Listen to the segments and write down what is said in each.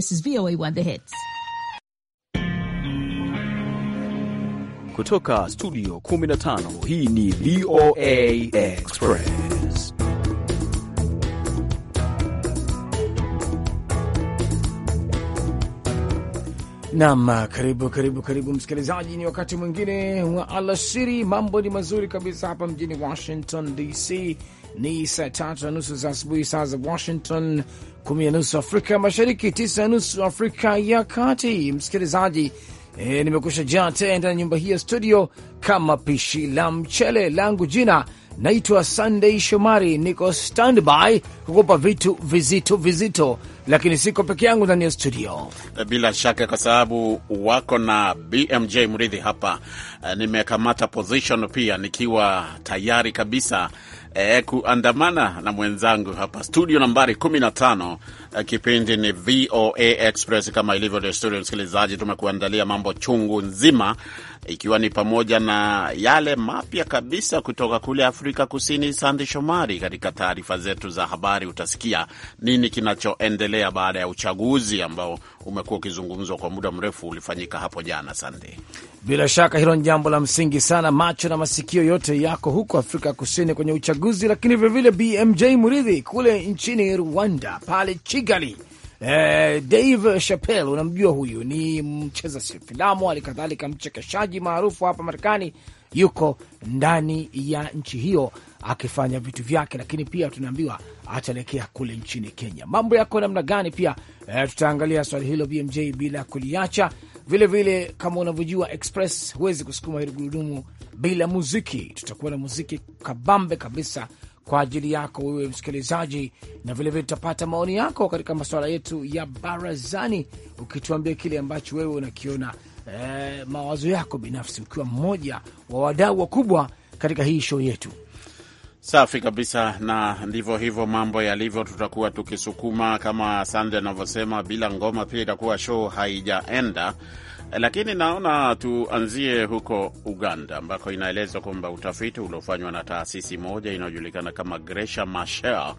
This is voa One The Hits. Kutoka studio 15 hii ni VOA Express. Naam, karibu karibu karibu msikilizaji, ni wakati mwingine wa alasiri. Mambo ni mazuri kabisa hapa mjini Washington DC ni saa tatu na nusu za asubuhi saa za Washington, kumi na nusu Afrika Mashariki, tisa na nusu Afrika ya Kati. Msikilizaji e, nimekusha jaa tena ndani ya nyumba hii ya studio kama pishi la mchele langu. Jina naitwa Sunday Shomari, niko standby kukupa vitu vizito vizito, lakini siko peke yangu ndani ya studio, eh, bila shaka, kwa sababu wako na BMJ Mridhi hapa. Eh, nimekamata position pia nikiwa tayari kabisa e, kuandamana na mwenzangu hapa studio nambari 15. E, kipindi ni VOA Express. Kama ilivyo desturi, msikilizaji, tumekuandalia mambo chungu nzima ikiwa ni pamoja na yale mapya kabisa kutoka kule Afrika Kusini. Sande Shomari, katika taarifa zetu za habari utasikia nini kinachoendelea baada ya uchaguzi ambao umekuwa ukizungumzwa kwa muda mrefu, ulifanyika hapo jana. Sande, bila shaka hilo ni jambo la msingi sana. Macho na masikio yote yako huko Afrika Kusini kwenye uchaguzi, lakini vilevile BMJ Muridhi kule nchini Rwanda, pale Kigali Eh, Dave Chappelle unamjua huyu, ni mcheza filamu alikadhalika mchekeshaji maarufu hapa Marekani, yuko ndani ya nchi hiyo akifanya vitu vyake, lakini pia tunaambiwa ataelekea kule nchini Kenya. Mambo yako namna gani? Pia eh, tutaangalia swali hilo BMJ bila kuliacha vilevile kama unavyojua Express huwezi kusukuma hili gurudumu bila muziki. Tutakuwa na muziki kabambe kabisa kwa ajili yako wewe msikilizaji, na vilevile tutapata maoni yako katika masuala yetu ya barazani, ukituambia kile ambacho wewe unakiona eh, mawazo yako binafsi, ukiwa mmoja wa wadau wakubwa katika hii show yetu. Safi kabisa, na ndivyo hivyo mambo yalivyo. Tutakuwa tukisukuma kama Sande anavyosema, bila ngoma pia itakuwa show haijaenda. Lakini naona tuanzie huko Uganda, ambako inaelezwa kwamba utafiti uliofanywa na taasisi moja inayojulikana kama Gresha Machel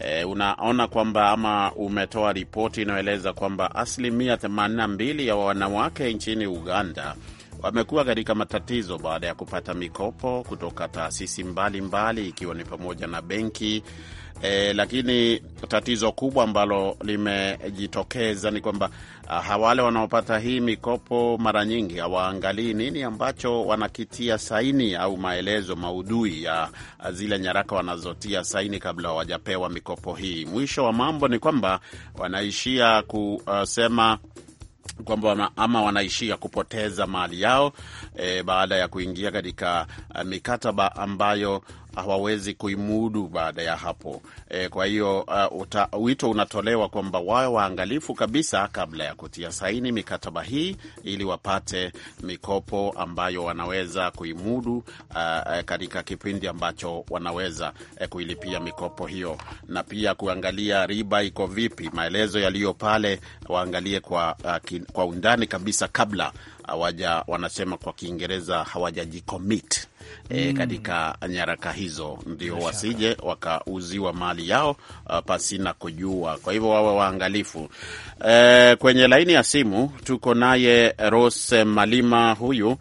E, unaona kwamba ama umetoa ripoti inayoeleza kwamba asilimia 82 ya wanawake nchini Uganda wamekuwa katika matatizo baada ya kupata mikopo kutoka taasisi mbalimbali ikiwa ni pamoja na benki. E, lakini tatizo kubwa ambalo limejitokeza ni kwamba wale wanaopata hii mikopo mara nyingi hawaangalii nini ambacho wanakitia saini au maelezo maudhui ya zile nyaraka wanazotia saini kabla hawajapewa mikopo hii. Mwisho wa mambo ni kwamba wanaishia kusema kwamba wana, ama wanaishia kupoteza mali yao e, baada ya kuingia katika eh, mikataba ambayo hawawezi kuimudu baada ya hapo e, kwa hiyo uh, uta, wito unatolewa kwamba wawe waangalifu kabisa kabla ya kutia saini mikataba hii ili wapate mikopo ambayo wanaweza kuimudu uh, katika kipindi ambacho wanaweza uh, kuilipia mikopo hiyo, na pia kuangalia riba iko vipi. Maelezo yaliyo pale waangalie kwa, uh, kin, kwa undani kabisa kabla hawaja wanasema kwa Kiingereza hawajajikomit e, eh, mm. katika nyaraka hizo, ndio wasije wakauziwa mali yao uh, pasina kujua. Kwa hivyo wawe waangalifu. E, kwenye laini ya simu tuko naye Rose Malima, huyu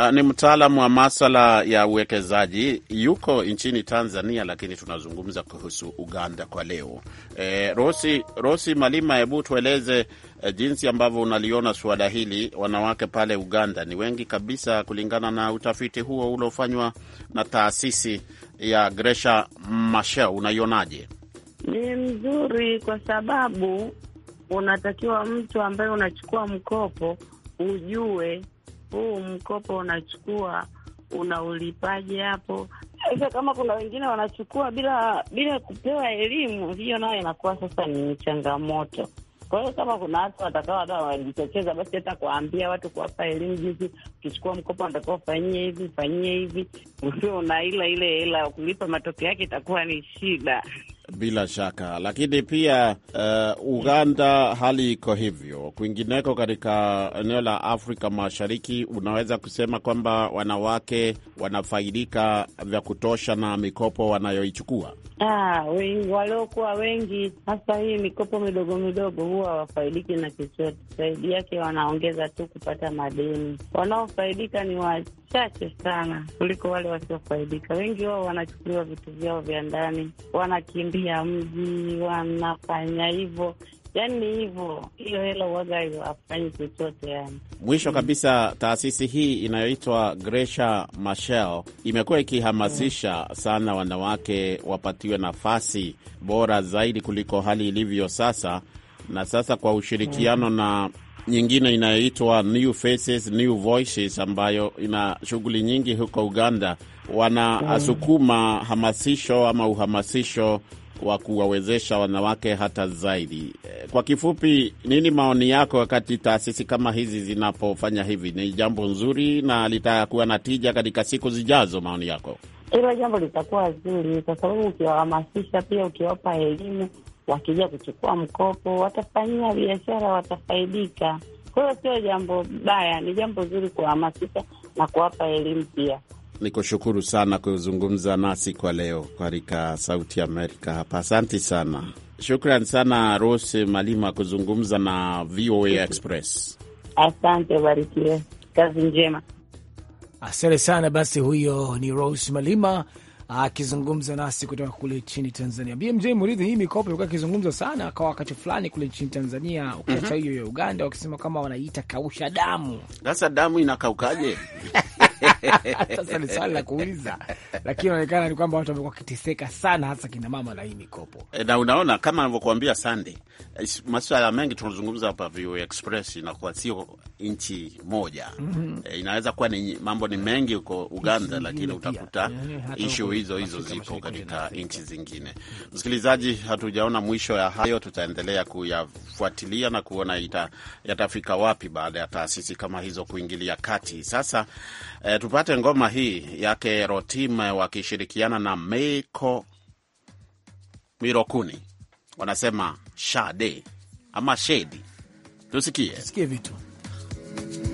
Uh, ni mtaalamu wa masala ya uwekezaji yuko nchini Tanzania, lakini tunazungumza kuhusu Uganda kwa leo. E, eh, Rosi, Rosi Malima, hebu tueleze e, jinsi ambavyo unaliona suala hili. Wanawake pale Uganda ni wengi kabisa kulingana na utafiti huo uliofanywa na taasisi ya Gresha Mashe, unaionaje? Ni mzuri kwa sababu unatakiwa mtu ambaye unachukua mkopo ujue huu mkopo unachukua unaulipaje hapo? Sasa kama kuna wengine wanachukua bila bila kupewa elimu, hiyo nayo inakuwa sasa ni changamoto. Kwa hiyo kama kuna watu watakawa hata wajitokeza, basi hata kuwaambia watu, kuwapa elimu jinsi, ukichukua mkopo unatakiwa ufanyie hivi ufanyie hivi, usio una ila ile hela kulipa, matokeo yake itakuwa ni shida. Bila shaka, lakini pia uh, Uganda hali iko hivyo, kwingineko katika eneo la Afrika Mashariki, unaweza kusema kwamba wanawake wanafaidika vya kutosha na mikopo wanayoichukua? Ah, waliokuwa wengi hasa hii mikopo midogo midogo huwa hawafaidiki na chochote, zaidi yake wanaongeza tu kupata madeni. Wanaofaidika ni wachache sana kuliko wale wasiofaidika. Wengi wao wanachukuliwa vitu vyao vya ndani, wanakimbia ya mji wanafanya hivyo, yani hivyo, hiyo hela uwaga hawafanyi chochote yani. Mwisho kabisa, taasisi hii inayoitwa Gresha Machel imekuwa ikihamasisha sana wanawake wapatiwe nafasi bora zaidi kuliko hali ilivyo sasa, na sasa kwa ushirikiano na nyingine inayoitwa New Faces New Voices ambayo ina shughuli nyingi huko Uganda, wanasukuma hamasisho ama uhamasisho wa kuwawezesha wanawake hata zaidi. Eh, kwa kifupi, nini maoni yako wakati taasisi kama hizi zinapofanya hivi? Ni jambo nzuri na litakuwa na tija katika siku zijazo? Maoni yako? Hilo jambo litakuwa zuri, kwa sababu ukiwahamasisha, pia ukiwapa elimu, wakija kuchukua mkopo, watafanyia biashara, watafaidika. Kwa hiyo sio jambo baya, ni jambo zuri kuwahamasisha na kuwapa elimu pia ni kushukuru sana kuzungumza nasi kwa leo katika Sauti Amerika hapa. Asanti sana, shukran sana Rose Malima kuzungumza na VOA Express. Asante, barikiwe, kazi njema. Asante sana. Basi huyo ni Rose Malima akizungumza nasi kutoka kule nchini Tanzania. BMJ Muridhi, hii mikopo ilikuwa akizungumza sana kwa wakati fulani kule nchini Tanzania, ukiacha mhm. hiyo mm -hmm. ya Uganda wakisema kama wanaita kausha damu. Sasa damu inakaukaje? Sasa ni swali la kuuliza, lakini inaonekana ni kwamba watu wamekuwa wakiteseka sana, hasa kina mama na hii mikopo. Eh, na unaona kama anavyokuambia Sande, eh, maswala mengi tunazungumza hapa, VOA Express inakuwa sio nchi moja mm -hmm. E, inaweza kuwa ni mambo ni mengi huko Uganda, lakini utakuta ishu hizo hizo ziko katika nchi zingine. Msikilizaji, hatujaona mwisho ya hayo, tutaendelea kuyafuatilia na kuona ita, yatafika wapi baada ya taasisi kama hizo kuingilia kati. Sasa e, tupate ngoma hii yake Rotim eh, wakishirikiana na Meiko Mirokuni, wanasema shade ama shedi. Tusikie, tusikie vitu Thank you.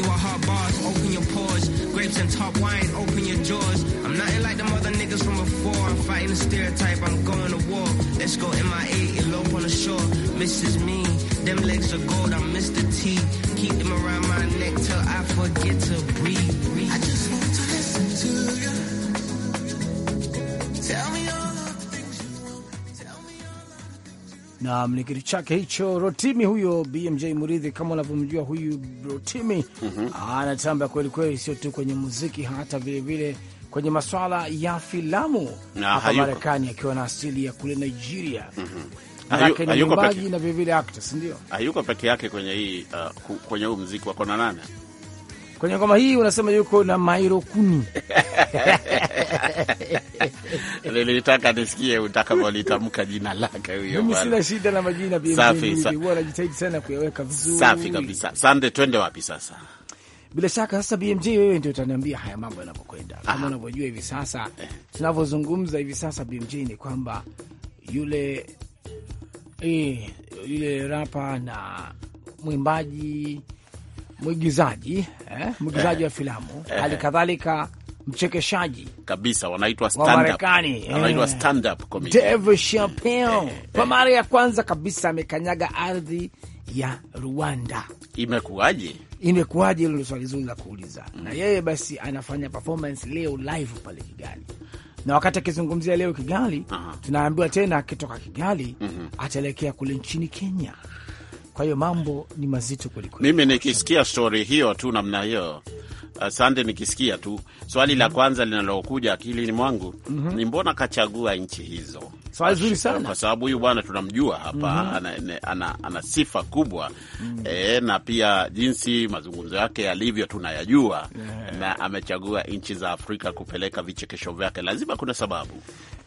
you a hot bars, open your pores. Grapes and top wine, open your jaws. I'm nothing like them other niggas from before. I'm fighting the stereotype, I'm going to war. Let's go MIA, elope on the shore. Mrs. Me, them legs are gold, I'm Mr. T. Keep them around my neck till I forget to breathe. breathe. I just want to listen to you. Tell me na ni kitu chake hicho Rotimi huyo BMJ Muridhi, kama unavyomjua huyu Rotimi mm -hmm. anatamba kweli kweli, sio tu kwenye muziki, hata vilevile kwenye maswala ya filamu hapa Marekani, akiwa na asili ya kule Nigeria mm -hmm. Ayuko peke yake kwenye hii uh, kwenye huu muziki wako na nane Kwenye ngoma hii unasema yuko na Mairo Kuni. Nilitaka nisikie utakavyolitamka jina lake huyo. Mimi sina shida na majina pia. Safi sana. Huwa najitahidi sana kuyaweka vizuri. Safi kabisa. Sande, twende wapi sasa? Bila shaka sasa, BMJ wewe ndio utaniambia haya mambo yanavyokwenda. Kama ah. unavyojua hivi sasa eh. tunavyozungumza hivi sasa BMJ ni kwamba yule eh, yule rapa na mwimbaji mwigizaji eh, mwigizaji eh, wa filamu eh, hali kadhalika mchekeshaji kabisa, wanaitwa Marekani, wanaitwa eh. stand up comedy Dave Chappelle, eh, eh, kwa mara ya kwanza kabisa amekanyaga ardhi ya Rwanda. Imekuwaje? Imekuwaje? Hilo swali zuri la kuuliza. mm Na yeye basi anafanya performance leo live pale Kigali, na wakati akizungumzia leo Kigali, uh -huh. tunaambiwa tena akitoka Kigali, mm -hmm. ataelekea kule nchini Kenya. Kwa hiyo mambo ni mazito kwelikweli. Mimi nikisikia stori hiyo tu namna hiyo Asante. nikisikia tu swali la mhm. kwanza linalokuja akilini mwangu mm -hmm. ni mbona kachagua nchi hizo? Swali zuri sana, kwa sababu huyu bwana tunamjua hapa mm -hmm. ana, ana, ana, ana sifa kubwa mm -hmm. E, na pia jinsi mazungumzo yake yalivyo tunayajua yeah. na amechagua nchi za Afrika kupeleka vichekesho vyake, lazima kuna sababu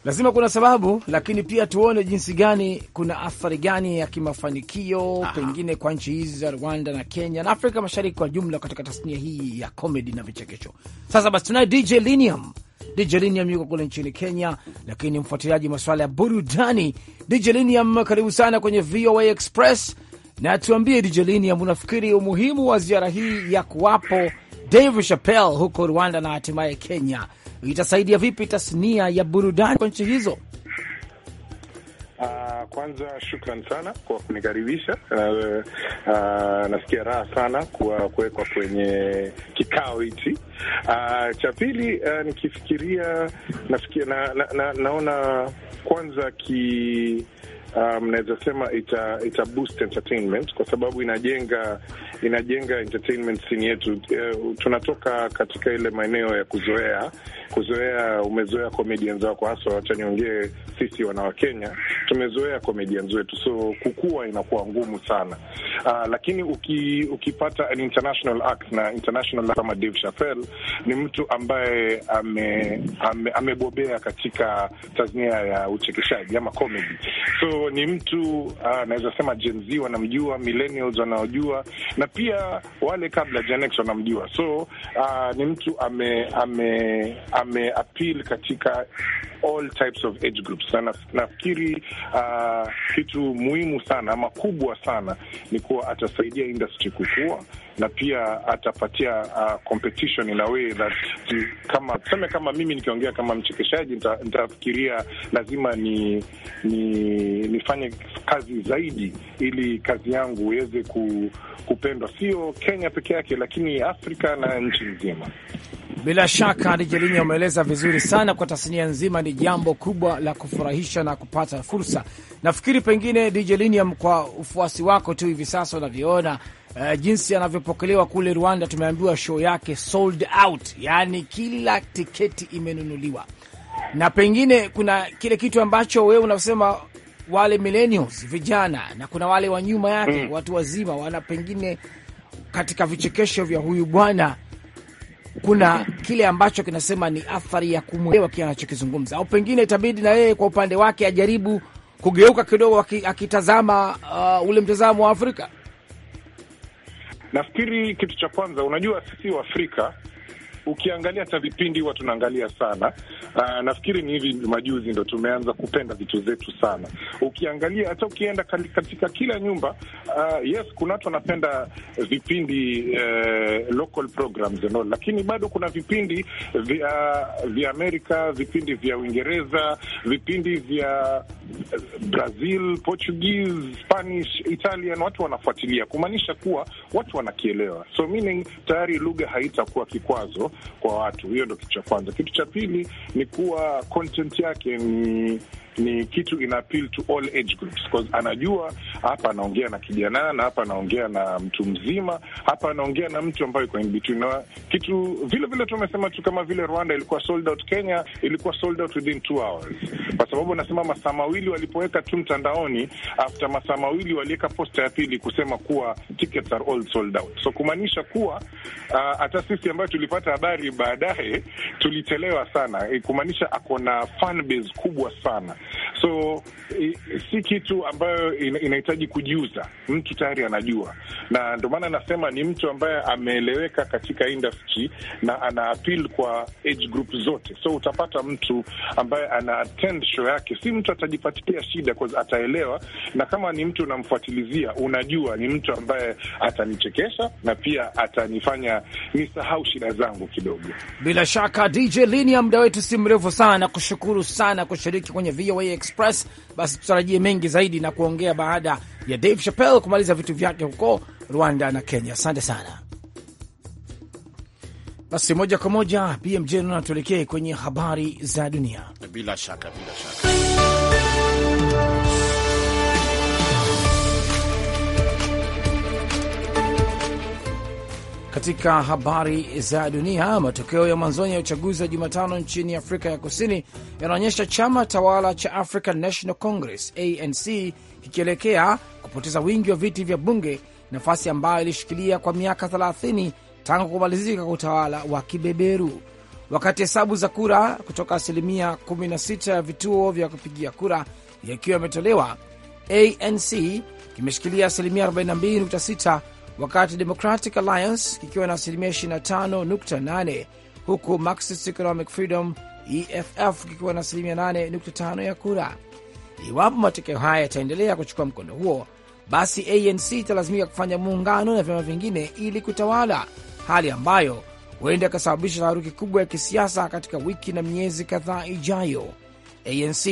lazima kuna sababu, lakini pia tuone jinsi gani, kuna athari gani ya kimafanikio pengine kwa nchi hizi za Rwanda na Kenya na Afrika Mashariki kwa jumla katika tasnia hii ya comedi na vichekesho. Sasa basi tunaye DJ Linium. DJ Linium yuko kule nchini Kenya, lakini mfuatiliaji masuala ya burudani. DJ Linium, karibu sana kwenye VOA Express na tuambie, DJ Linium, unafikiri umuhimu wa ziara hii ya kuwapo Dave Chappelle huko Rwanda na hatimaye Kenya itasaidia vipi tasnia ya burudani kwa nchi hizo? Ah, kwanza shukran sana kwa kunikaribisha. Uh, uh, nasikia raha sana kuwa kuwekwa kwenye kikao hichi. Uh, cha pili, uh, nikifikiria nafikia na, na, na, naona kwanza ki mnaweza um, sema ita, ita boost entertainment kwa sababu inajenga inajenga entertainment scene yetu. Uh, tunatoka katika ile maeneo ya kuzoea kuzoea, umezoea comedians wako hasa wacha niongee, sisi wana tumezoea comedians wetu, so kukua inakuwa ngumu sana uh, lakini uki, ukipata an international act na international kama Dave Chappelle ni mtu ambaye ame, ame, amebobea katika tasnia ya uchekeshaji ama comedy so ni mtu anaweza ah, uh, sema Gen Z wanamjua, millennials wanaojua, na pia wale kabla Gen X wanamjua. So uh, ni mtu ame, ame, ame appeal katika all types of age groups, na nafikiri uh, kitu muhimu sana ama kubwa sana ni kuwa atasaidia industry kukua na pia atapatia uh, competition in a way that kama tuseme, kama mimi nikiongea kama mchekeshaji nitafikiria nita lazima ni, ni nifanye kazi zaidi ili kazi yangu iweze ku, kupendwa sio Kenya peke yake, lakini Afrika na nchi nzima. Bila shaka Nijerini ameeleza vizuri sana, kwa tasnia nzima ni jambo kubwa la kufurahisha na kupata fursa. Nafikiri pengine Dijelinium, kwa ufuasi wako tu hivi sasa unavyoona uh, jinsi anavyopokelewa kule Rwanda. Tumeambiwa show yake sold out, yaani kila tiketi imenunuliwa, na pengine kuna kile kitu ambacho wewe unasema wale millennials vijana, na kuna wale wa nyuma yake mm, watu wazima wana pengine katika vichekesho vya huyu bwana kuna kile ambacho kinasema ni athari ya kumwelewa kile anachokizungumza, au pengine itabidi na yeye kwa upande wake ajaribu kugeuka kidogo, akitazama uh, ule mtazamo wa Afrika. Nafikiri kitu cha kwanza, unajua sisi Waafrika ukiangalia hata vipindi huwa tunaangalia sana. Aa, ah, nafikiri ni hivi majuzi ndo tumeanza kupenda vitu zetu sana. Ukiangalia hata ukienda katika kila nyumba uh, yes, kuna watu wanapenda vipindi uh, local programs and all, lakini bado kuna vipindi vya, ah, vya Amerika, vipindi vya Uingereza, vipindi vya Brazil, Portuguese, Spanish, Italian, watu wanafuatilia, kumaanisha kuwa watu wanakielewa, so meaning tayari lugha haitakuwa kikwazo kwa watu. Hiyo ndo kitu cha kwanza. Kitu cha pili ni kuwa content yake ni ni kitu ina appeal to all age groups, cause anajua hapa anaongea na kijana na hapa anaongea na mtu mzima, hapa anaongea na mtu ambayo iko in between na kitu vile vile. Tumesema tu kama vile Rwanda ilikuwa sold out, Kenya ilikuwa sold out within two hours, kwa sababu nasema masaa mawili walipoweka tu mtandaoni, after masaa mawili waliweka posta ya pili kusema kuwa tickets are all sold out, so kumaanisha kuwa uh, hata uh, sisi ambayo tulipata habari baadaye tulichelewa sana, kumaanisha ako na fan base kubwa sana So si kitu ambayo inahitaji kujiuza, mtu tayari anajua, na ndio maana anasema ni mtu ambaye ameeleweka katika industry na ana appeal kwa age group zote. So utapata mtu ambaye ana attend show yake, si mtu atajipatia shida, cause ataelewa, na kama ni mtu unamfuatilizia, unajua ni mtu ambaye atanichekesha na pia atanifanya nisahau shida zangu kidogo. Bila shaka DJ Linia, muda wetu si mrefu sana, kushukuru sana kushiriki kwenye VOA Express. Express, Basi tutarajie mengi zaidi na kuongea baada ya Dave Chappelle kumaliza vitu vyake huko Rwanda na Kenya. Asante sana. Basi moja kwa moja BMJ na tuelekee kwenye habari za dunia. Bila shaka, bila shaka. Katika habari za dunia, matokeo ya mwanzoni ya uchaguzi wa Jumatano nchini Afrika ya Kusini yanaonyesha chama tawala cha African National Congress ANC kikielekea kupoteza wingi wa viti vya bunge, nafasi ambayo ilishikilia kwa miaka 30 tangu kumalizika kwa utawala wa kibeberu. Wakati hesabu za kura kutoka asilimia 16 ya vituo vya kupigia kura yakiwa yametolewa, ANC kimeshikilia asilimia 42.6 wakati Democratic Alliance kikiwa na asilimia 25.8, huku Marxist Economic Freedom EFF kikiwa na asilimia 8.5 ya kura. Iwapo matokeo haya yataendelea kuchukua mkondo huo, basi ANC italazimika kufanya muungano na vyama vingine ili kutawala, hali ambayo huenda ikasababisha taharuki kubwa ya kisiasa katika wiki na miezi kadhaa ijayo. ANC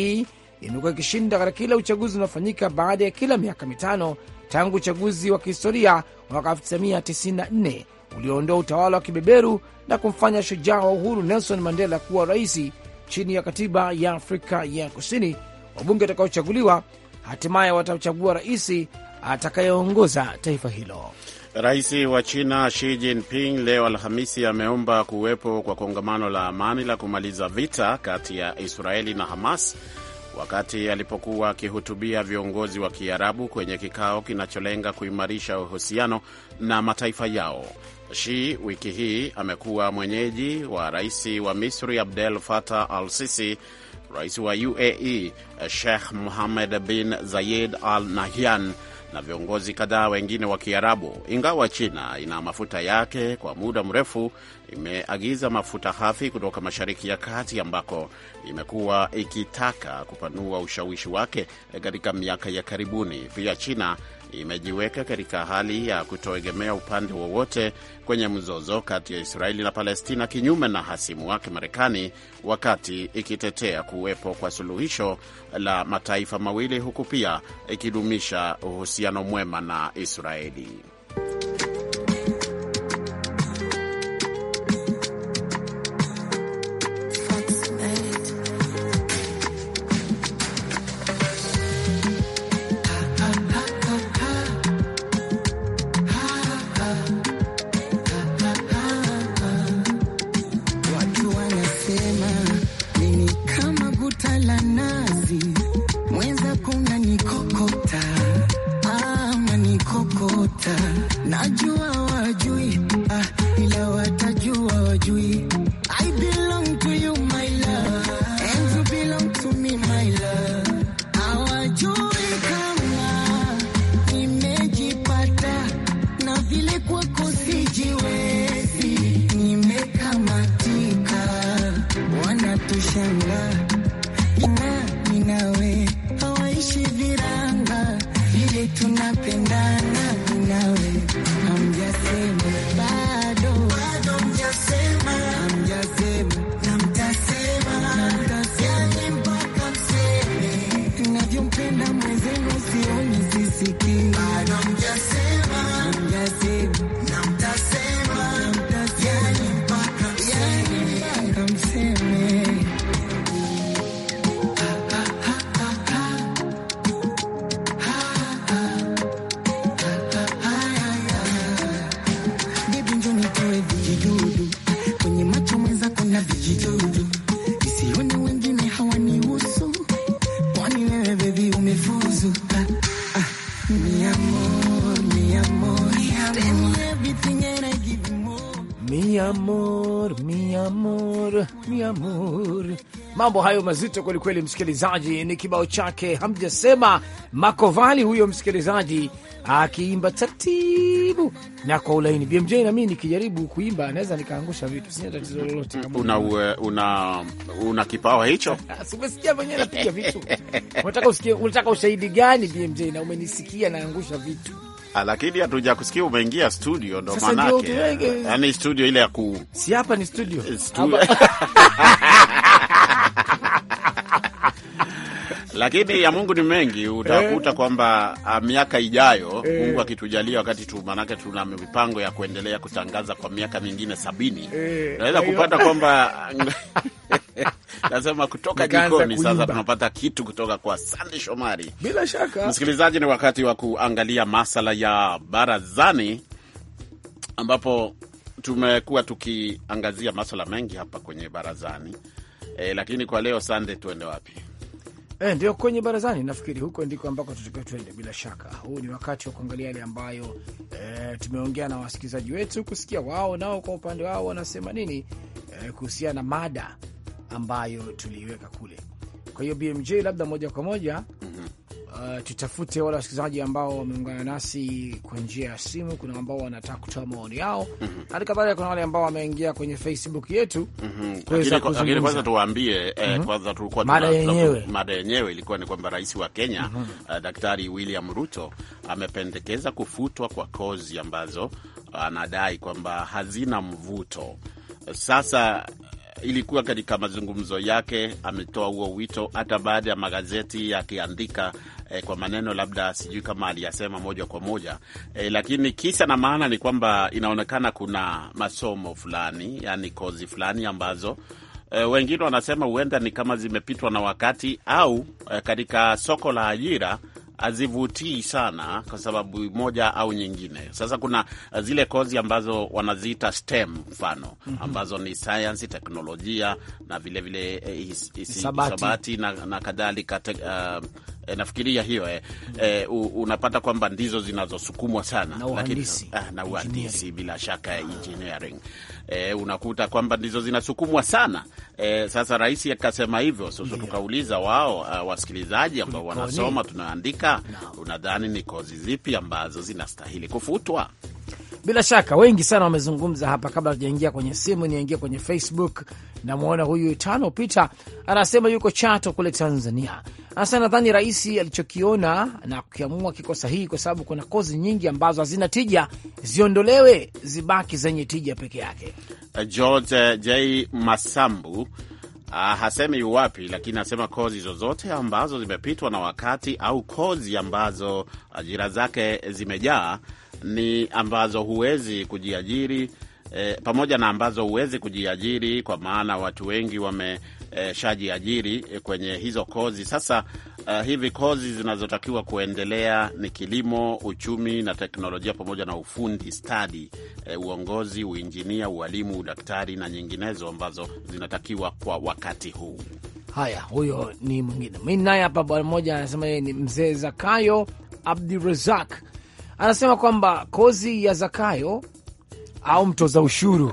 imekuwa ikishinda katika kila uchaguzi unaofanyika baada ya kila miaka mitano tangu uchaguzi wa kihistoria mwaka 1994 ulioondoa utawala wa kibeberu na kumfanya shujaa wa uhuru Nelson Mandela kuwa raisi chini ya katiba ya Afrika ya Kusini. Wabunge watakaochaguliwa hatimaye watachagua raisi atakayeongoza taifa hilo. Rais wa China Xi Jinping leo Alhamisi ameomba kuwepo kwa kongamano la amani la kumaliza vita kati ya Israeli na Hamas wakati alipokuwa akihutubia viongozi wa Kiarabu kwenye kikao kinacholenga kuimarisha uhusiano na mataifa yao. Shi wiki hii amekuwa mwenyeji wa rais wa Misri Abdel Fattah Al Sisi, rais wa UAE Sheikh Mohammed bin Zayed Al Nahyan na viongozi kadhaa wengine wa Kiarabu. Ingawa China ina mafuta yake, kwa muda mrefu imeagiza mafuta hafi kutoka Mashariki ya Kati, ambako imekuwa ikitaka kupanua ushawishi wake katika miaka ya karibuni. Pia China imejiweka katika hali ya kutoegemea upande wowote kwenye mzozo kati ya Israeli na Palestina, kinyume na hasimu wake Marekani, wakati ikitetea kuwepo kwa suluhisho la mataifa mawili, huku pia ikidumisha uhusiano mwema na Israeli. kukokota, najua wajui ah. Mambo hayo mazito kwelikweli, msikilizaji. Ni kibao chake hamjasema Makovali huyo msikilizaji, akiimba taratibu na kwa ulaini. BMJ na nami nikijaribu kuimba naweza nikaangusha vitu, sina tatizo lolote. Una, una, una kipawa hicho? Ah, Umesikia mwenyewe napiga vitu. Unataka usikie, unataka ushahidi gani BMJ? Na umenisikia naangusha vitu ah, lakini hatuja kusikia umeingia studio, ndo maanake yani studio ile ya ku si hapa ni studio, studio. lakini ya Mungu ni mengi. Utakuta eh, kwamba ah, miaka ijayo eh, Mungu akitujalia, wakati tu, maanake tuna mipango ya kuendelea kutangaza kwa miaka mingine sabini, eh. naweza eh, kupata kwamba Nasema kutoka jikoni sasa tunapata kitu kutoka kwa Sande Shomari. Bila shaka, msikilizaji, ni wakati wa kuangalia masala ya barazani, ambapo tumekuwa tukiangazia masala mengi hapa kwenye barazani e, lakini kwa leo Sande, tuende wapi? E, ndio kwenye barazani. Nafikiri huko ndiko ambako tutakiwa tuende. Bila shaka, huu ni wakati wa kuangalia yale ambayo e, tumeongea na wasikilizaji wetu, kusikia wao nao kwa upande wao wanasema nini e, kuhusiana na mada ambayo tuliiweka kule. Kwa hiyo BMJ, labda moja kwa moja mm -hmm uh, tutafute wale wasikilizaji ambao wameungana nasi kwa njia ya simu. Kuna ambao wanataka kutoa maoni yao, mhm. hali kadhalika kuna wale ambao wameingia kwenye Facebook yetu. Mhm. Lakini kwanza tuwaambie eh, mhm. kwanza, tulikuwa mada yenyewe ilikuwa ni kwamba rais wa Kenya mm -hmm. uh, Daktari William Ruto amependekeza kufutwa kwa kozi ambazo anadai kwamba hazina mvuto. Sasa eh, ilikuwa katika mazungumzo yake ametoa huo wito, hata baada ya magazeti yakiandika eh, kwa maneno labda sijui kama aliyasema moja kwa moja eh, lakini kisa na maana ni kwamba inaonekana kuna masomo fulani, yani kozi fulani ambazo eh, wengine wanasema huenda ni kama zimepitwa na wakati au eh, katika soko la ajira hazivutii sana kwa sababu moja au nyingine. Sasa kuna zile kozi ambazo wanaziita STEM mfano, mhm. ambazo ni sayansi, teknolojia na vilevile vile, eh, hisabati. na, na kadhalika uh, E, nafikiria hiyo e, e, unapata kwamba ndizo zinazosukumwa sana na uhandisi, ah, na uhandisi bila shaka engineering e, unakuta kwamba ndizo zinasukumwa sana e, sasa rais akasema hivyo. Sasa tukauliza wao, uh, wasikilizaji ambao wanasoma tunaandika, unadhani ni kozi zipi ambazo zinastahili kufutwa? Bila shaka wengi sana wamezungumza hapa. Kabla tujaingia kwenye simu, niingia kwenye Facebook. Namwona huyu tano Peter anasema yuko Chato kule Tanzania. Hasa nadhani rais alichokiona na kukiamua kiko sahihi, kwa sababu kuna kozi nyingi ambazo hazina tija, ziondolewe, zibaki zenye tija peke yake. Eh, George eh, J Masambu Ah, hasemi wapi lakini asema kozi zozote ambazo zimepitwa na wakati au kozi ambazo ajira zake zimejaa ni ambazo huwezi kujiajiri e, pamoja na ambazo huwezi kujiajiri kwa maana watu wengi wameshajiajiri e, kwenye hizo kozi. Sasa uh, hivi kozi zinazotakiwa kuendelea ni kilimo, uchumi na teknolojia, pamoja na ufundi stadi, e, uongozi, uinjinia, ualimu, udaktari na nyinginezo ambazo zinatakiwa kwa wakati huu. Haya, huyo ni mwingine. Mi naye hapa bwana mmoja anasema yeye ni mzee Zakayo Abdirazak anasema kwamba kozi ya zakayo au mtoza ushuru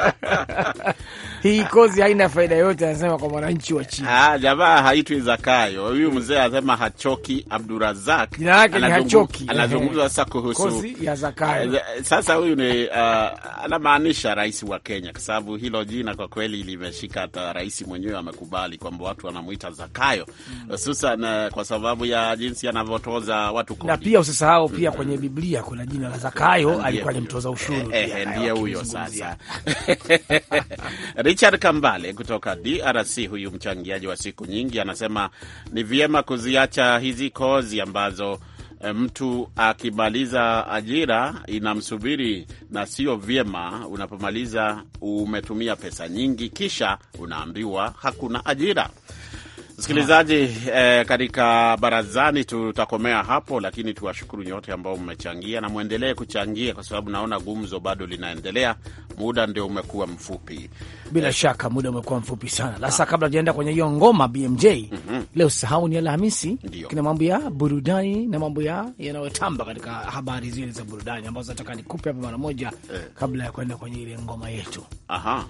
hii kozi haina faida yote, anasema kwa mwananchi wa chini. Ah, jamaa haitwi Zakayo. Huyu mzee anasema hachoki. Abdurazak jina lake ni hachoki. Anazungumza sasa kuhusu kozi ya Zakayo. Ah, eh, sasa huyu ni uh, anamaanisha rais wa Kenya, kwa sababu hilo jina kwa kweli limeshika, hata rais mwenyewe amekubali kwamba watu wanamuita Zakayo hmm. hususan mm, kwa sababu ya jinsi anavyotoza watu kodi. Na pia usisahau hmm. pia mm, kwenye Biblia kuna jina la Zakayo, alikuwa ni mtoza ushuru, ndiye huyo sasa Richard Kambale kutoka DRC, huyu mchangiaji wa siku nyingi, anasema ni vyema kuziacha hizi kozi ambazo eh, mtu akimaliza ajira inamsubiri, na sio vyema unapomaliza umetumia pesa nyingi, kisha unaambiwa hakuna ajira. Msikilizaji eh, katika barazani tutakomea hapo, lakini tuwashukuru nyote ambao mmechangia na mwendelee kuchangia, kwa sababu naona gumzo bado linaendelea. Muda ndio umekuwa mfupi, bila eh, shaka muda umekuwa mfupi sana. Sasa ah. kabla tujaenda kwenye hiyo ngoma BMJ, mm -hmm. leo sahau ni Alhamisi, kina mambo ya burudani na mambo ya yanayotamba katika habari zile za burudani ambazo nataka nikupe hapa mara moja eh, kabla ya kwenda kwenye ile ngoma yetu. Aha.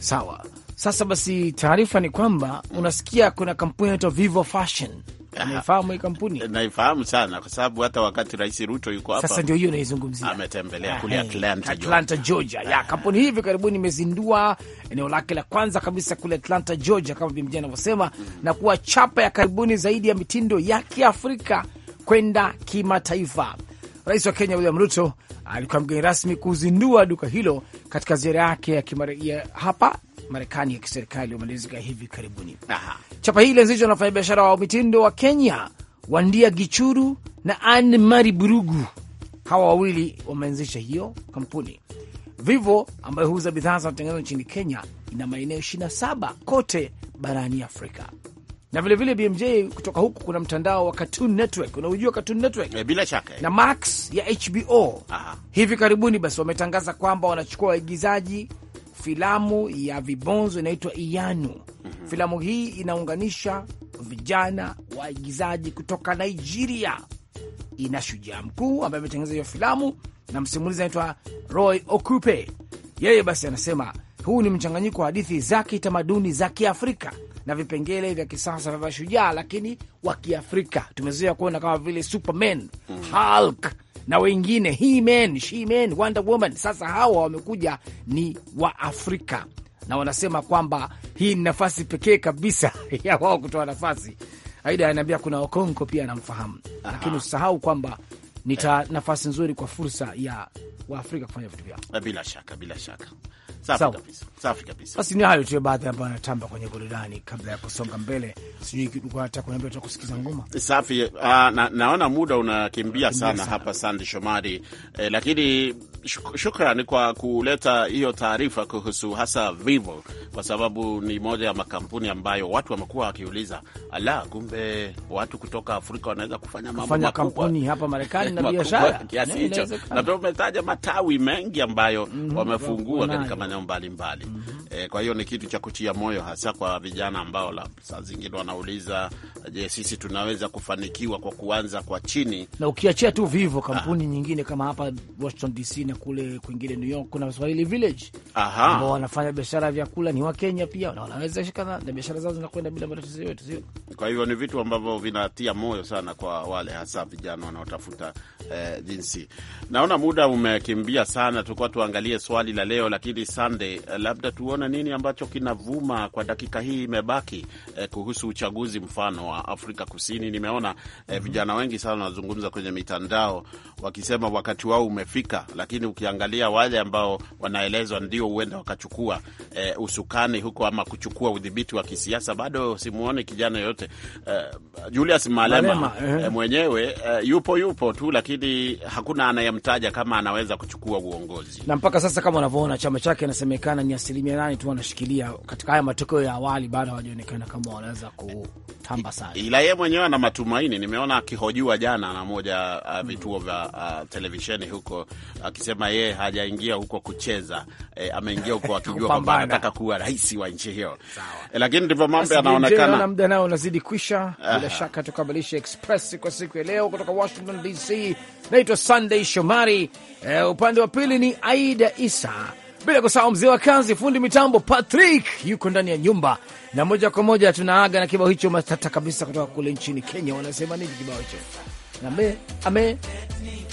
Sawa. Sasa basi, taarifa ni kwamba unasikia kuna kampuni inaitwa Vivo Fashion. Ah, naifahamu hii kampuni, naifahamu sana kwa sababu hata wakati Rais Ruto yuko hapa, sasa ndio hiyo naizungumzia, ametembelea kule eh, Atlanta, Atlanta Georgia. Ya eh. kampuni hii hivi karibuni imezindua eneo lake la kwanza kabisa kule Atlanta Georgia, kama Bimjia anavyosema mm, na kuwa chapa ya karibuni zaidi ya mitindo ya Kiafrika kwenda kimataifa. Rais wa Kenya William Ruto alikuwa mgeni rasmi kuzindua duka hilo katika ziara yake ya, ya hapa Marekani ya kiserikali wamalizika hivi karibuni. Aha. Chapa hii ilianzishwa na wafanyabiashara wa mitindo wa Kenya, Wandia Gichuru na Anne Mari Burugu. Hawa wawili wameanzisha hiyo kampuni. Vivo ambayo huuza bidhaa za matengenezo nchini Kenya ina maeneo 27 kote barani Afrika na vilevile vile BMJ kutoka huku kuna mtandao wa Cartoon Network. Unaujua Cartoon Network? E, bila shaka eh. na Max ya HBO. Aha. Hivi karibuni basi wametangaza kwamba wanachukua waigizaji filamu ya vibonzo inaitwa Iyanu. mm -hmm. Filamu hii inaunganisha vijana waigizaji kutoka Nigeria. Ina shujaa mkuu ambaye ametengeneza hiyo filamu na msimulizi anaitwa Roy Okupe. Yeye basi anasema huu ni mchanganyiko wa hadithi za kitamaduni za Kiafrika na vipengele vya kisasa vya mashujaa, lakini wa Kiafrika tumezoea kuona kama vile Superman, mm -hmm. Hulk na wengine he man, she man, Wonder Woman. Sasa hawa wamekuja ni wa Afrika na wanasema kwamba hii ni nafasi pekee kabisa ya wao kutoa nafasi. Aida anaambia kuna Okonko pia anamfahamu, lakini usisahau kwamba nita nafasi nzuri kwa fursa ya Waafrika kufanya vitu vyao. Bila shaka, bila shaka. Safi kabisa, safi kabisa. Basi ni hayo tu baadhi ambayo anatamba kwenye goridani kabla ya kusonga mbele. Sijui hata ngoma safi. Uh, na, naona muda unakimbia sana, sana hapa Sandi Shomari eh, lakini shukrani kwa kuleta hiyo taarifa kuhusu hasa Vivo, kwa sababu ni moja ya makampuni ambayo watu wamekuwa wakiuliza, ala, kumbe watu kutoka Afrika wanaweza kufanya mambo makubwa hapa Marekani na biashara kiasi yaani hicho, na pia umetaja matawi mengi ambayo mm -hmm. wamefungua katika maeneo mbalimbali mm -hmm. E, kwa hiyo ni kitu cha kutia moyo hasa kwa vijana ambao saa zingine wanauliza, je, sisi tunaweza kufanikiwa kwa kuanza kwa chini, na ukiachia tu Vivo, ah. kampuni ah. nyingine kama hapa Washington DC na kule kwingine New York kuna Swahili Village ambao wanafanya biashara ya vyakula, ni Wakenya pia na wanaweza shikana na biashara zao zinakwenda bila matatizo yoyote, sio? Kwa hivyo ni vitu ambavyo vinatia moyo sana kwa wale hasa vijana wanaotafuta eh, jinsi. Naona muda umekimbia sana, tukuwa tuangalie swali la leo, lakini Sunday, eh, labda tuone nini ambacho kinavuma kwa dakika hii imebaki, eh, kuhusu uchaguzi mfano wa Afrika Kusini. Nimeona eh, vijana wengi sana wanazungumza kwenye mitandao wakisema wakati wao umefika, lakini ukiangalia wale ambao wanaelezwa ndio huenda wakachukua e, usukani huko ama kuchukua udhibiti wa kisiasa, bado simuone kijana yoyote e, Julius Malema, Malema e, mwenyewe e, yupo yupo tu, lakini hakuna anayemtaja kama anaweza kuchukua uongozi, na mpaka sasa kama unavyoona chama chake anasemekana ni asilimia nane tu anashikilia katika haya matokeo ya awali, bado hawajaonekana kama wanaweza kutamba sana, ila yeye mwenyewe ana matumaini. Nimeona akihojiwa jana na moja uh, vituo vya uh, televisheni huko akisema anasema yeye hajaingia huko kucheza e, ameingia huko akijua kwamba anataka kuwa rais wa nchi hiyo e, lakini ndivyo mambo yanaonekana. Na Muda nao unazidi kwisha, bila shaka tukamilishe Express kwa siku ya leo kutoka Washington DC. Naitwa Sunday Shomari e, upande wa pili ni Aida Isa, bila kusahau mzee wa kazi, fundi mitambo Patrick yuko ndani ya nyumba, na moja kwa moja tunaaga na kibao hicho matata kabisa kutoka kule nchini Kenya. Wanasema nini kibao hicho? ame ame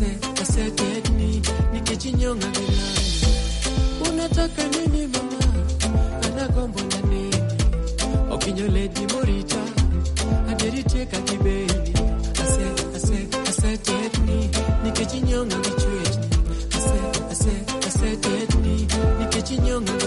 Ase, ase tekni, nikijinyonga milani. Unataka nini mama? Anagombo na nini? morita, anderiteka kibeni. Ase, ase, ase tekni, nikijinyonga michweti. Ase, ase, ase